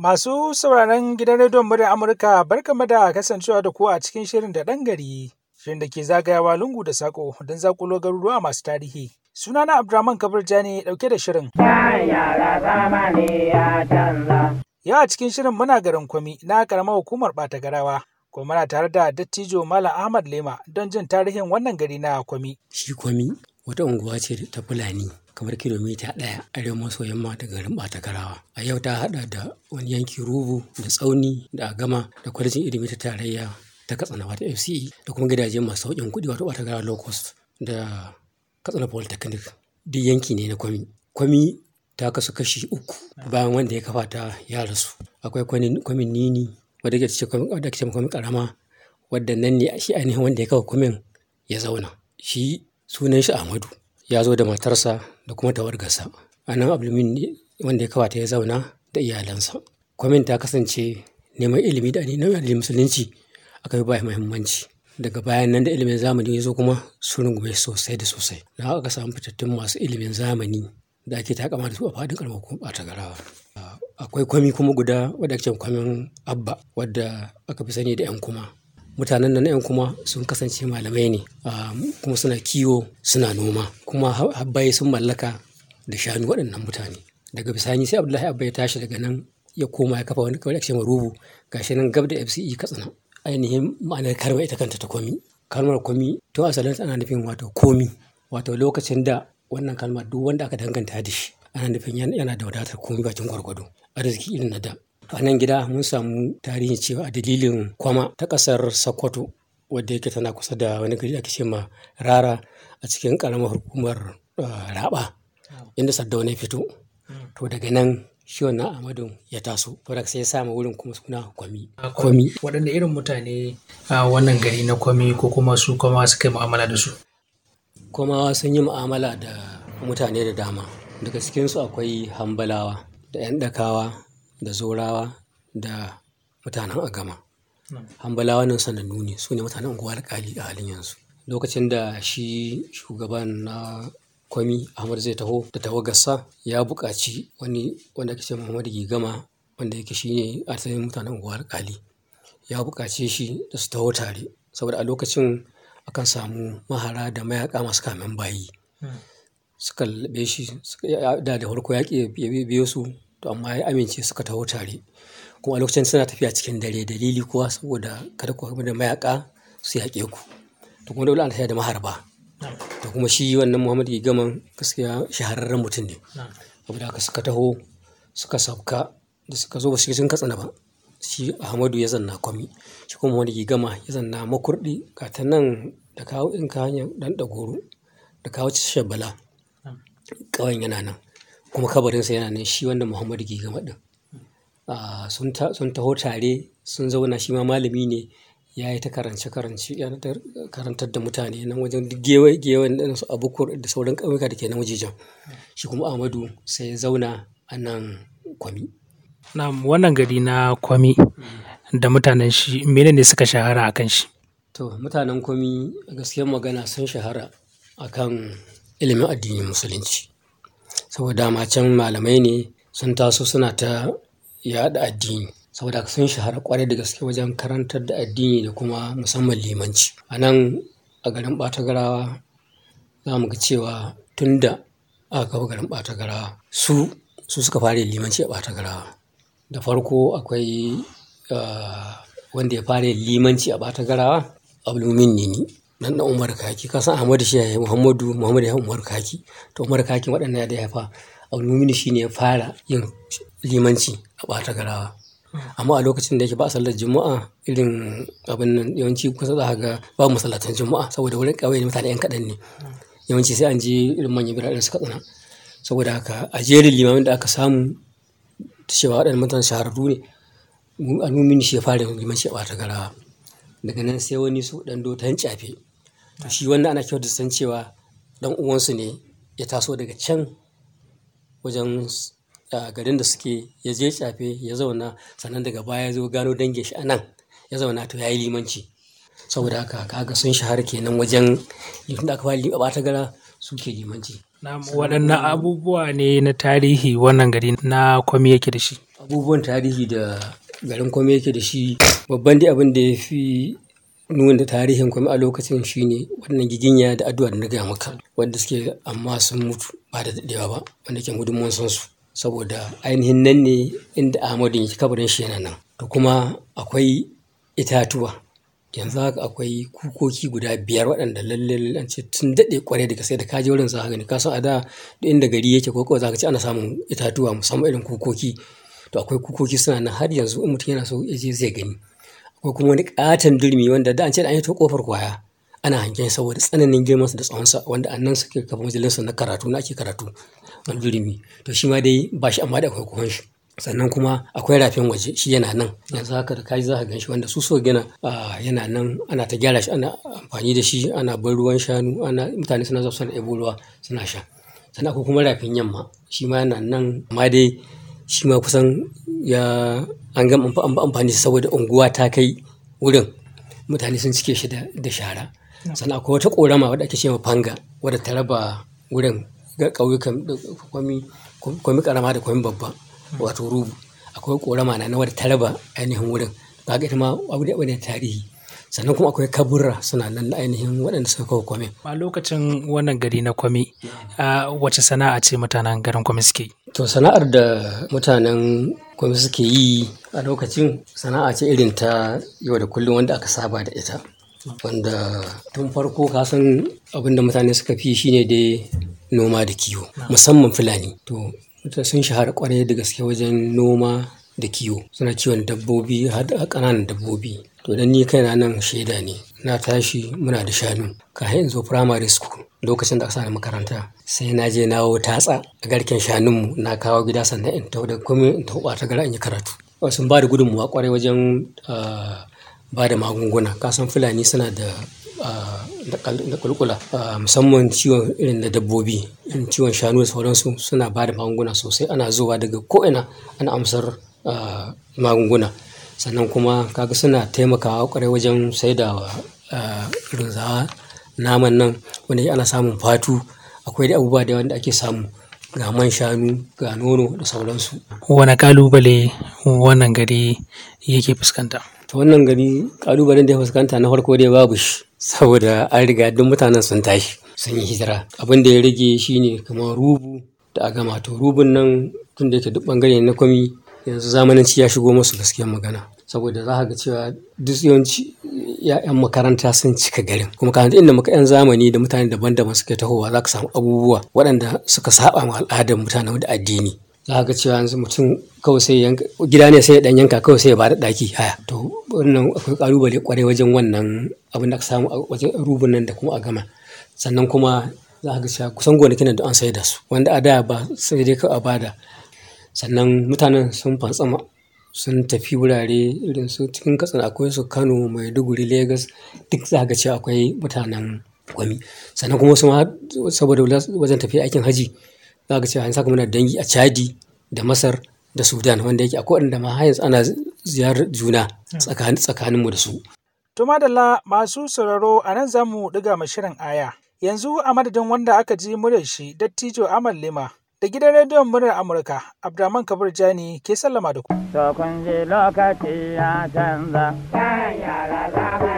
Masu sauraron gidan rediyon muryar Amurka barkamu da kasancewa da ku a cikin shirin da ɗan gari, shirin da ke zagayawa lungu da sako don zakulo garuruwa masu tarihi. suna na Abdurrahman Kabir Jani ɗauke da shirin. Ya a cikin shirin muna garin kwami na karamar hukumar ɓata garawa. Kuma muna tare da dattijo Malam Ahmad Lema don jin tarihin wannan gari na kwami. kwami wata unguwa ce ta Fulani kamar kilomita ɗaya arewa maso yamma da garin Garawa. A yau ta haɗa da wani yanki Rubu da Tsauni da Agama da kwalejin ilimi ta tarayya ta Katsina wata FCE da kuma gidaje masu sauƙin kuɗi wato Ɓatagarawa Low Cost da Katsina Polytechnic. Duk yanki ne na Kwami. Kwami ta kasu kashi uku bayan wanda ya kafa ta ya rasu. Akwai kwamin nini wadda ke ce kwamin ƙarama wadda nan ne shi ainihin wanda ya kafa kwamin ya zauna. Shi Sunan shi Ahmadu. Ya zo da matarsa da kuma tawargarsa. A nan ne wanda ya kawata ya zauna da iyalansa. Kwamin ta kasance neman ilimi da da musulunci aka yi baya muhimmanci. Daga bayan nan da ilimin zamani ya zo kuma sun rungume sosai da sosai. Na aka samu fitattun masu ilimin zamani da ake taka da su a faɗin ƙarfa a ɓata garawa. Akwai kwami kuma guda wadda ake kwamin abba wadda aka fi sani da ‘yan kuma. mutanen nan yan kuma sun kasance malamai ne kuma suna kiwo suna noma kuma habbaye sun mallaka da shanu waɗannan mutane daga bisani sai abdullahi abba ya tashi daga nan ya koma ya kafa wani kawai ake rubu gashi nan gab da fce katsina ainihin ma'anar karma ita kanta ta komi kalmar komi to asalin ana nufin wato komi wato lokacin da wannan kalmar duk wanda aka danganta da shi ana nufin yana da wadatar komi bakin gwargwado arziki irin na da a nan gida mun samu tarihin cewa a dalilin kwama ta ƙasar sokoto wadda yake tana kusa da wani gari ake ce ma rara a cikin ƙaramar hukumar ah, raba inda wani fito to daga nan shi wannan amadu ya taso to daga sai ya samu wurin kuma suna kwami kwami waɗanda irin mutane a wannan gari na kwami ko kuma su kwama suka yi mu'amala da su kwamawa sun yi mu'amala da mutane da dama daga cikinsu akwai hambalawa da 'yan ɗakawa da Zorawa da mutanen Agama. Hambalawa nan sanannu ne, su ne mutanen unguwa Alƙali a halin yanzu. Lokacin da shi shugaban na Kwami Ahmad zai taho da tawagarsa ya buƙaci wani wanda ke ce muhammad Gigama wanda yake shi ne tsayin mutanen unguwa Alƙali. Ya buƙace shi da su taho tare saboda a lokacin akan samu mahara da mayaƙa masu kamen bayi. Hmm. Suka lalbe shi, da da farko yaƙi ya biyo su To amma ya amince suka taho tare. Kuma a lokacin suna tafiya cikin dare dalili kuwa saboda kada ku da mayaka su yaƙe ku. To kuma dole an tafiya da maharba. To kuma shi wannan Muhammadu Gigaman gaskiya shahararren mutum ne. Saboda haka suka taho suka sauka da suka zo ba su je sun Katsina ba. Shi Ahmadu ya zanna Kwami. Shi kuma Muhammadu Gigama ya zanna Makurdi. Gata nan da kawo in ka hanyar Ɗanɗagoro da kawo Shabbala. Kawai yana nan. kuma kabarinsa yana nan shi wanda Muhammadu ke gama din ah, Sun taho tare sun zauna shi ma malami ne ya yi ta karance-karance karantar da mutane nan wajen gewayen da su abukur da sauran ƙauyuka da ke nan wajejen. Shi kuma Ahmadu sai ya zauna a nan Kwami. na wannan gari na Kwami da mutanen shi menene suka shahara a kan shi? To mutanen Kwami gaskiyar magana sun shahara a kan ilimin addinin musulunci. saboda ma can malamai ne sun taso suna ta yaɗa addini saboda haka sun shahara kwarai da gaske wajen karantar da addini da kuma musamman limanci a nan a garin ɓatagarawa za mu ga cewa tun da aka kafa garin ɓatagarawa su su suka fara limanci a ɓatagarawa da farko akwai ah, wanda ya fara limanci a ɓatagarawa abdulmumin ne. nan ɗan Umar Kaki. Ka san Ahmadu shi ya yi Muhammadu, Muhammadu ya yi Umar Kaki. To Umar Kaki waɗanda ya da ya a Abdulmuminu shi ne ya fara yin limanci a ɓata garawa. Amma a lokacin da yake ba a sallar Juma'a irin abin nan yawanci kusa za ga ba masallatan Juma'a saboda wurin ƙauye mutane 'yan kaɗan ne. Yawanci sai an je irin manyan biranen suka tsana. Saboda haka a jerin limamin da aka samu cewa waɗannan mutane shahararru ne Abdulmuminu shi ya fara yin limanci a ɓata garawa. Daga nan sai wani su ɗan dotan cafe. to shi wannan ana kyautu san cewa dan uwansu ne ya taso daga can wajen garin da suke ya je shafe ya zauna sannan daga baya ya zo gano dange shi anan ya zauna to ya yi limanci saboda haka kaga sun shahara kenan wajen da aka fara bata gara suke limanci waɗannan abubuwa ne na tarihi wannan gari na kwami yake da shi abubuwan tarihi da garin kwami yake da shi babban dai abin da ya fi nuna tarihin kuma a lokacin shine wannan giginya da addu'a da na gaya maka wanda suke amma sun mutu ba da daɗewa ba wanda ke gudun mun san su saboda ainihin nan ne inda Ahmadu yake kabarin shi yana nan to kuma akwai itatuwa yanzu haka akwai kukoki guda biyar waɗanda lalle an ce tun daɗe kwarai daga sai da ka je wurin za ka gani ka san a da inda gari yake ko za ka ci ana samun itatuwa musamman irin kukoki to akwai kukoki suna nan har yanzu in mutum yana so ya je zai gani ko kuma wani katon durmi wanda da an ce da an yi ta kofar kwaya ana hangen saboda tsananin girmansa da tsawonsa wanda annan suke kafa majalisar na karatu na ake karatu wani durmi to shi ma dai ba shi amma da akwai kuwan shi sannan kuma akwai rafin waje shi yana nan yanzu haka da kai za ka ganshi wanda su so gina yana nan ana ta gyara shi ana amfani da shi ana bar ruwan shanu ana mutane suna zuwa suna ebo ruwa suna sha sannan akwai kuma rafin yamma shi ma yana nan amma dai shi ma kusan ya an ga amfani saboda unguwa ta kai wurin mutane sun cike shi da shara sannan akwai wata korama wadda ake cewa fanga wadda ta raba wurin ga ƙauyukan kwami karama da kwami babba wato rubu akwai korama na wadda ta raba ainihin wurin ba ga ita ma abu da tarihi sannan kuma akwai kaburra suna nan na ainihin waɗanda suka kawo kwame. a lokacin wannan gari na kwame wace sana'a ce mutanen garin kwame suke To sana'ar da mutanen Gombe suke yi a lokacin sana'a ce irin ta yau da kullum wanda aka saba da ita. Wanda tun farko ka san abin da mutane suka fi shine dai noma da kiwo musamman Fulani. To mutane sun shahara kwarai da gaske wajen noma da kiwo suna kiwon dabbobi har da ƙananan dabbobi To dan ni kaina nan shaida ne. Na tashi muna da shanu. Ka in zo primary school lokacin da aka sa makaranta sai na je na tatsa a garken shanun mu na kawo gida sannan in tawo da kuma in taho ta gara in yi karatu. Wasu ba da gudunmuwa kware wajen, ah, ba da magunguna. Kasan Fulani suna da, ah, da kulkula ah, musamman ciwon irin na dabbobi, irin ciwon shanu da sauransu suna ba da magunguna sosai. Ana zuwa daga ko'ina ana amsar, magunguna. sannan kuma kaga suna taimakawa ƙwarai wajen saida wa naman nan wanda ana samun fatu akwai da abubuwa da wanda ake samu ga man shanu ga nono da sauransu. Wani kalubale wannan gari yake fuskanta? To wannan gari kalubalen da ya fuskanta na farko dai babu shi saboda an riga duk mutanen sun tashi sun yi hijira. Abin da ya rage shine kamar rubu da agama to rubun nan tun da yake duk bangare na kwami yanzu zamananci ya shigo musu gaskiyar magana saboda za ga cewa duk yawanci ya'yan makaranta sun cika garin kuma kan inda muka yan zamani da mutane daban-daban suke tahowa za ka samu abubuwa waɗanda suka saba ma al'adar mutane da addini za ga cewa yanzu mutum kawai sai gida ne sai dan yanka kawai sai ya bada daki haya to wannan akwai kalubale kwarai wajen wannan abin da ka samu a wajen rubun nan da kuma a gama sannan kuma za ga cewa kusan gonakin da an sai da su wanda a da ba sai dai ka a bada sannan mutanen sun fantsama sun tafi wurare irin su cikin katsina akwai su kano maiduguri lagos duk za ga cewa akwai mutanen gwami sannan kuma su saboda wajen tafiya aikin haji za ga cewa yanzu saka mana dangi a chadi da masar da sudan wanda yake akwai waɗanda ma yanzu ana ziyarar juna tsakaninmu da su. to madalla masu sauraro a nan za mu ɗiga shirin aya yanzu a madadin wanda aka ji murya shi dattijo amal lima Da gidan rediyon muryar Amurka, Abdurrahman Kabir Jani ke sallama da ku. To kun ji lokaci ya canza, kan yara za